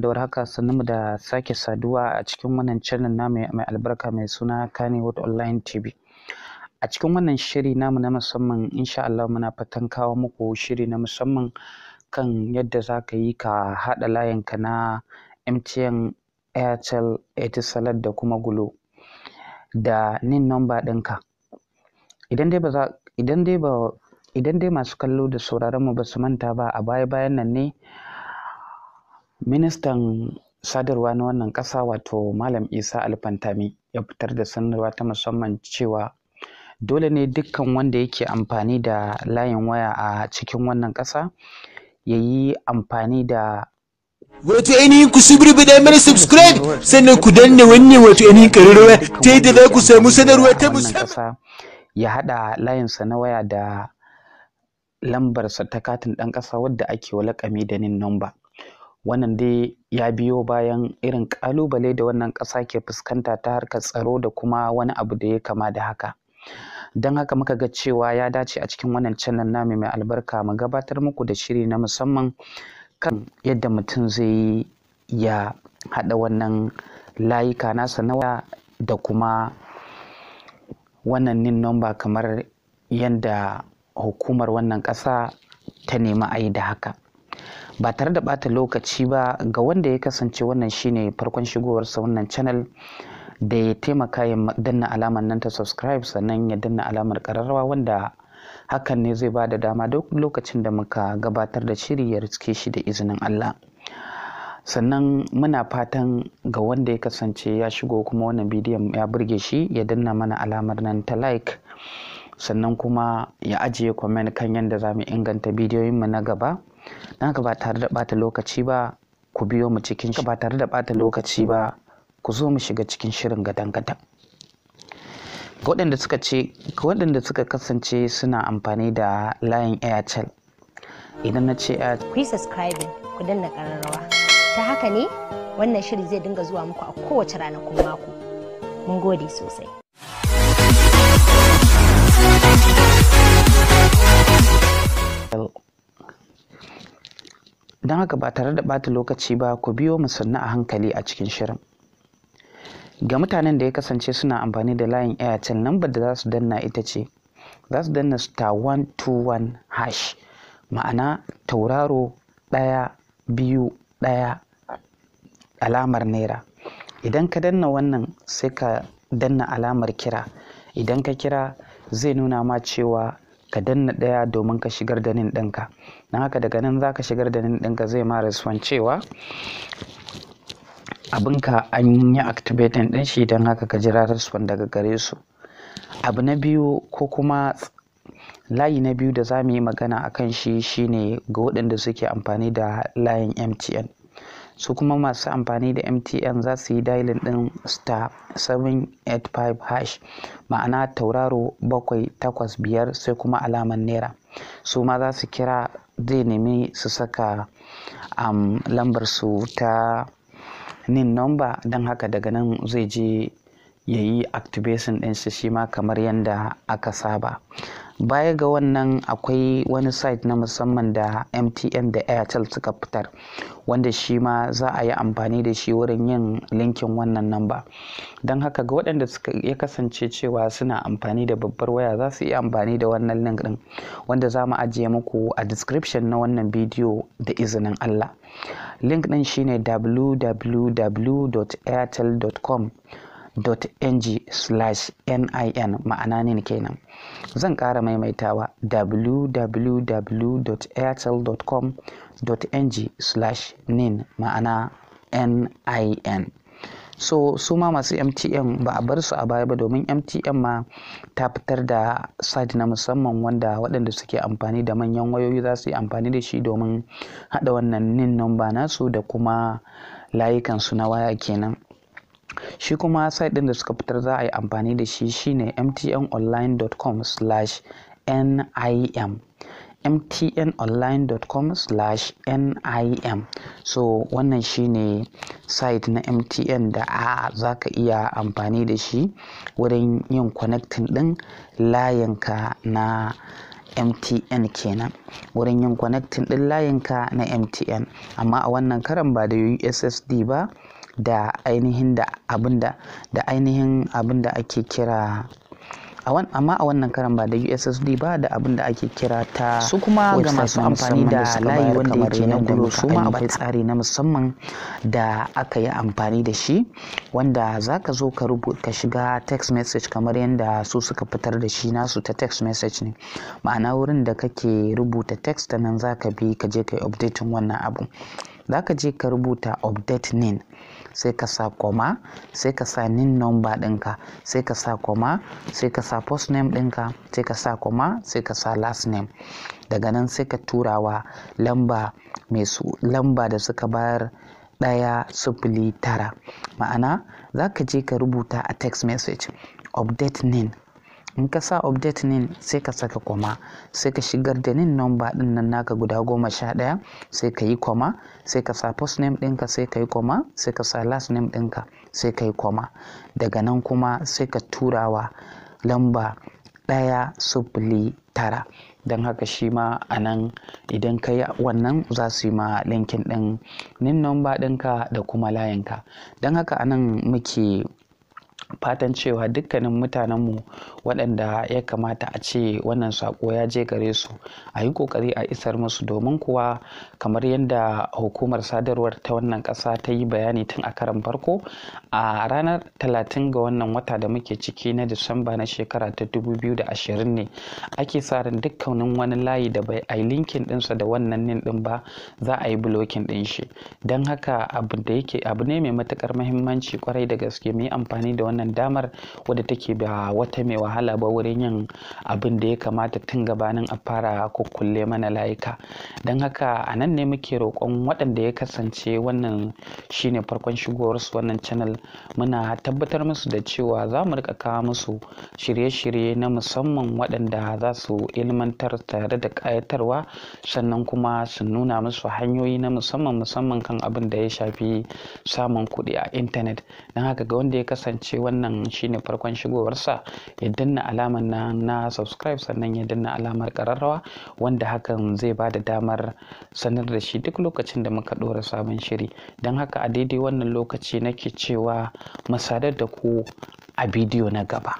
da haka sannu da sake saduwa a cikin wannan channel namu mai albarka mai suna wood Online TV. A cikin wannan shiri namu na musamman insha Allah muna fatan kawo muku shiri na musamman kan yadda za ka yi ka haɗa layinka na MTN, Airtel, Etisalat da kuma gulo da NIN number ɗinka. Idan dai ba za idan dai ba idan dai masu kallo da sauraron mu ba su manta ba a baya bayan nan ne ministan sadarwa na wannan Kasa, wato malam isa alfantami ya fitar da sanarwa ta musamman cewa dole ne dukkan wanda yake amfani da layin waya a cikin wannan ƙasa ya yi amfani da wato ainihin ku da mana subscribe sannan ku danna wannan wato ainihin karirwa ta yadda za ku samu sanarwa ta musamman ya haɗa layinsa na waya da lambarsa ta katin ɗan ƙasa wadda ake walakami da nin nomba. wannan dai ya biyo bayan irin ƙalubale da wannan ƙasa ke fuskanta ta harkar tsaro da kuma wani abu da ya kama da haka don haka muka ga cewa ya dace a cikin wannan canan nami mai albarka mu gabatar muku da shiri na musamman kan yadda mutum zai yi ya haɗa wannan layuka nasa na waya da kuma wannan nin nomba kamar yadda hukumar wannan ƙasa ta nemi a yi da haka ba tare da bata lokaci ba ga wanda ya kasance wannan shine farkon shigowarsa wannan channel da ya taimaka ya danna alamar nan ta subscribe sannan ya danna alamar kararrawa wanda hakan ne zai ba da dama duk lokacin da muka gabatar da shiri ya riske shi da izinin Allah sannan muna fatan ga wanda ya kasance ya shigo kuma wannan bidiyon ya burge shi ya danna mana alamar nan ta like sannan kuma ya ajiye comment kan yadda za mu inganta bidiyoyinmu na gaba don haka ba tare da bata lokaci ba ku biyo mu cikin ba tare da bata lokaci ba ku zo mu shiga cikin shirin gadan-gadan ga waɗanda suka waɗanda suka kasance suna amfani da layin airtel idan na ce ku yi subscribing ku danna ƙararrawa ta haka ne wannan shiri zai dinga zuwa muku a kowace ranakun mako mun gode sosai thank you don haka ba tare da ɓata lokaci ba ku biyo mu sannu a hankali a cikin shirin ga mutanen da ya kasance suna amfani da layin airtel lambar da za su danna ita ce za su danna star 121 hash ma'ana tauraro ɗaya biyu ɗaya alamar naira idan ka danna wannan sai ka danna alamar kira idan ka kira zai nuna ma cewa ka danna ɗaya domin ka shigar da nin ɗinka don haka daga nan za ka shigar da nin ɗinka zai mara suwan cewa abinka an yi activating ɗin shi don haka ka jira suwan daga gare su abu na biyu ko kuma layi na biyu da za mu yi magana a kan shi shine ga waɗanda suke amfani da layin mtn su kuma masu amfani da mtn za su yi dialing din star 785 hash ma'ana tauraro 785 sai kuma alamar naira su ma za su kira zai nemi su saka um, lambar su ta nin number don haka daga nan zai je ya yi activation ɗin shi ma kamar yadda aka saba baya ga wannan akwai wani site na musamman da mtn da airtel suka fitar wanda shi ma za a yi amfani da shi wurin yin linkin wannan namba don haka ga waɗanda suka ya kasance cewa suna amfani da babbar waya za su yi amfani da wannan link ɗin wanda za mu ajiye muku a description na wannan bidiyo da izinin allah link ɗin shine www.airtel.com ng slash nin ma'ana nin kenan zan ƙara maimaitawa www.airtel.com.ng/nin ma'ana nin so su ma masu mtn ba a bar su a baya ba domin mtn ma ta fitar da site na musamman wanda waɗanda suke amfani da manyan wayoyi za su yi amfani da shi domin haɗa wannan nin nomba nasu da kuma layukansu na waya kenan shi kuma site ɗin da suka fitar za a yi amfani da shi shine mtnonline.com slash nim mtnonline.com/nim so wannan shine site na mtn da a za ka iya amfani da shi wurin yin connecting din layinka na mtn kenan wurin yin connecting din layinka na mtn amma a wannan karan ba da ussd ba da ainihin da abinda da ainihin abinda ake kira amma a wannan karan ba da ussd ba da abin da ake kira ta su kuma ga masu amfani da layi wanda yake na gulo su ma akwai tsari na musamman da aka yi amfani da shi wanda za ka zo ka rubuta ka shiga text message kamar yadda su suka fitar da shi nasu ta text message ne ma'ana wurin da kake rubuta text nan za ka bi ka je ka yi updating wannan abu za ka je ka rubuta update nin sai ka sa koma sai ka sa nin nomba ɗinka sai ka sa koma sai ka sa post name ɗinka sai ka sa koma sai ka sa last name daga nan sai ka turawa lamba mai su lamba da suka bayar ɗaya sufuli tara ma'ana za ka je ka rubuta a text message update nin in ka sa update nin sai ka saka koma sai ka shigar da nin number din nan naka guda goma sha ɗaya sai ka yi koma sai ka sa first name ɗinka sai ka yi koma sai ka sa last name ɗinka sai ka yi koma daga nan kuma sai ka turawa lamba ɗaya sufuli tara don haka shi ma a nan idan ka yi wannan za su yi ma linkin ɗin nin number ɗinka da kuma layinka don haka a nan muke fatan cewa dukkanin mutanenmu waɗanda ya kamata a ce wannan sako ya je gare su a yi ƙoƙari a isar musu domin kuwa kamar yadda hukumar sadarwar ta wannan ƙasa ta yi bayani tun a karan farko a ranar 30 ga wannan wata da muke ciki na disamba na shekara ta 2020 ne ake sa ran dukkanin wani layi da bai a yi linkin ɗinsa da wannan nin ɗin ba za a yi bulokin ɗin shi don haka abu da yake abu ne mai matuƙar muhimmanci kwarai da gaske mu yi amfani da wannan wannan damar wadda take ba wata mai wahala ba wurin yin abin da ya kamata tun gabanin a fara kukulle mana layuka don haka a nan ne muke roƙon waɗanda ya kasance wannan shine farkon shigowar su wannan channel muna tabbatar musu da cewa za mu rika kawo musu shirye-shirye na musamman waɗanda za su ilmantar tare da ƙayatarwa sannan kuma su nuna musu hanyoyi na musamman musamman kan abin da ya shafi samun kuɗi a intanet don haka ga wanda ya kasance wannan shine farkon shigowarsa ya danna alamar na na subscribe sannan ya danna alamar kararrawa wanda hakan zai ba da damar sanar da shi duk lokacin da muka ɗora sabon shiri don haka a daidai wannan lokaci nake cewa mu da ku a bidiyo na gaba